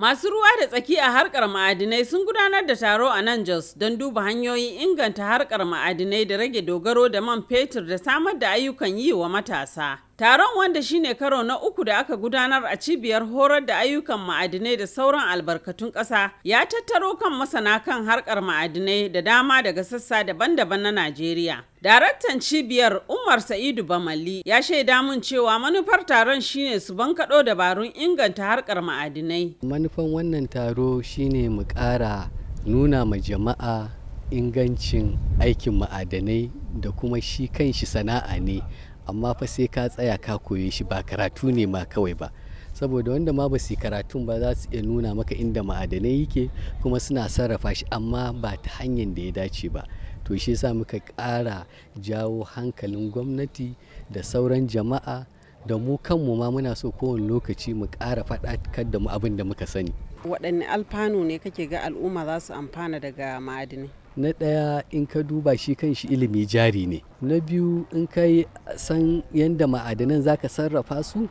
Masu ruwa da tsaki a harkar ma'adinai sun gudanar da taro a nan Jos don duba hanyoyin inganta harkar ma'adinai da rage dogaro da man fetur da samar da ayyukan yi wa matasa. Taron wanda shine karo na uku da aka gudanar a cibiyar horar da ayyukan ma'adinai da sauran albarkatun ƙasa ya tattaro kan masana kan harkar ma'adinai da dama daga sassa daban-daban na Najeriya. Daraktan cibiyar Umar Sa'idu Bamali ya shaida mun cewa manufar taron shine su bankaɗo dabarun inganta harkar ma'adinai. Manufan wannan taro shine mu ƙara nuna ma jama'a ingancin aikin ma'adanai da kuma shi kanshi sana'a ne amma fa sai ka tsaya ka koye shi ba karatu ne ma kawai ba saboda wanda ma ba su karatun ba za su iya nuna maka inda ma'adanai yake kuma suna sarrafa shi amma ba ta hanyar da ya dace ba to shi sa muka ƙara jawo hankalin gwamnati da sauran jama'a da mu kanmu ma muna so kowane lokaci mu ƙara faɗaƙar da mu abin da muka sani waɗanne alfanu ne kake ga al'umma za su amfana daga ma'adinai na ɗaya in ka duba shi kan shi ilimi jari ne na biyu in ka yi san yadda ma'adanan za ka sarrafa su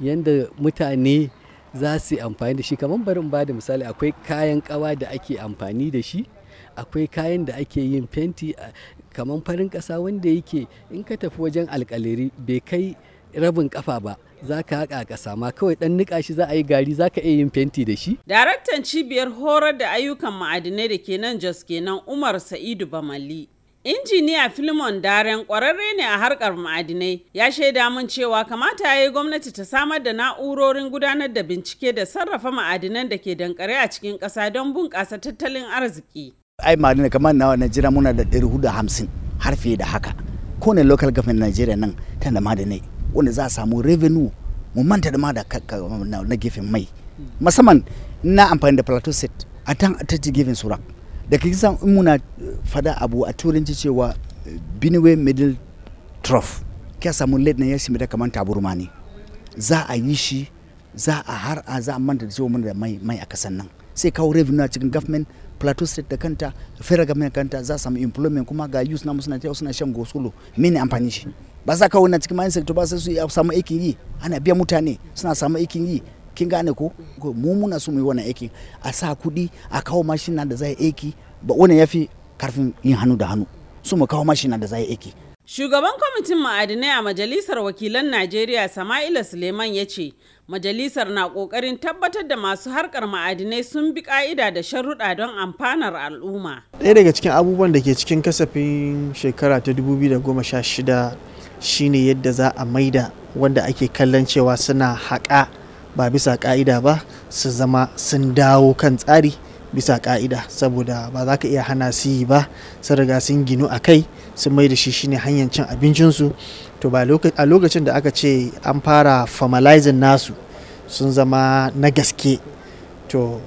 yadda mutane za su amfani da shi kamar barin ba da misali akwai kayan kawa da ake amfani da shi akwai kayan da ake yin fenti kamar farin ƙasa wanda yake in ka tafi wajen alƙaliri bai kai rabin kafa ba za ka haƙa ƙasa ma kawai ɗan niƙa shi za a yi gari za ka iya yin fenti da shi. Daraktan cibiyar horar da ayyukan ma'adinai da ke nan Jos kenan Umar Sa'idu Bamali. Injiniya Filimon Daren ƙwararre ne a harkar ma'adinai ya shaida mun cewa kamata ya yi gwamnati ta samar da na'urorin gudanar da bincike da sarrafa ma'adinan da ke dankare a cikin ƙasa don bunƙasa tattalin arziki. Ai ma'adina kamar na Najeriya muna da hamsin har fiye da haka. Kowane local government Najeriya nan tana da ma'adinai. wanda za a samu revenue mu manta da ma da na gefen mai musamman na amfani da plateau set a tan a ta gefen sura da kake san in muna eh, fada abu a turanci cewa eh, binway middle trough kya samu led na ya shi da kamar taburma ne za a yi shi za a har a za a manta da cewa muna da mai mai a kasan nan sai kawo revenue a cikin government plateau state da kanta federal government kanta za samu employment kuma ga youth na suna tafiya suna shan gosulo mene amfani shi ba za ka wani cikin mining sector ba sai su samu aikin yi ana biya mutane suna samu aikin yi kin gane ko mu muna so mu yi wannan aikin a sa kuɗi a kawo mashina da za aiki ba wannan yafi karfin yin hannu da hannu su mu kawo mashina da za aiki Shugaban kwamitin ma'adinai a Majalisar Wakilan Najeriya Sama'ila Suleiman ya ce, Majalisar na ƙoƙarin tabbatar da masu harkar ma'adinai sun bi ƙa'ida da sharuɗa don amfanar al'umma. Ɗaya daga cikin abubuwan da ke cikin kasafin shekara ta 2016 shine yadda za a maida wanda ake kallon cewa suna haƙa ba bisa ƙa'ida ba su zama sun dawo kan tsari. bisa ka'ida saboda ba za ka iya hana su yi ba sun riga sun ginu a kai sun mai da shi shine hanyar cin abincinsu to ba a lokacin da aka ce an fara formalizing nasu sun zama na gaske to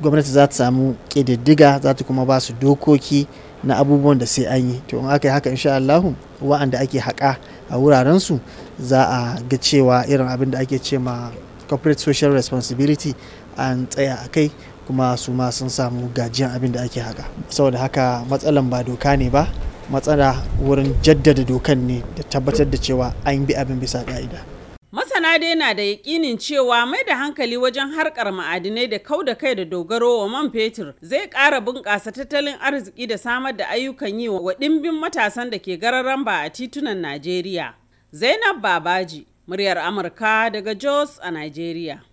gwamnati za ta samu ƙididdiga za ta kuma ba su dokoki na abubuwan da sai an yi to in aka yi haka insha Allahu wa'anda ake haƙa a wurarensu za a ga cewa irin abin da ake ce ma corporate social responsibility an tsaya a kai kuma su ma sun samu gajiyan abin da ake haka saboda haka matsalan ba doka ne ba matsala wurin jaddada dokan ne da tabbatar da cewa an bi abin bisa ka'ida masana dai na da yakinin cewa mai da hankali wajen harkar ma'adinai da kau da kai da dogaro wa man fetur zai ƙara bunƙasa tattalin arziki da samar da ayyukan yi wa ɗimbin matasan da ke gararan ba a titunan najeriya zainab babaji muryar amurka daga jos a najeriya